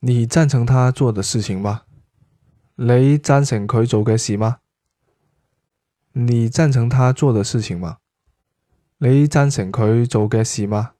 你贊成他做的事情嗎？你贊成佢做嘅事，事嗎？你贊成佢做嘅事嗎？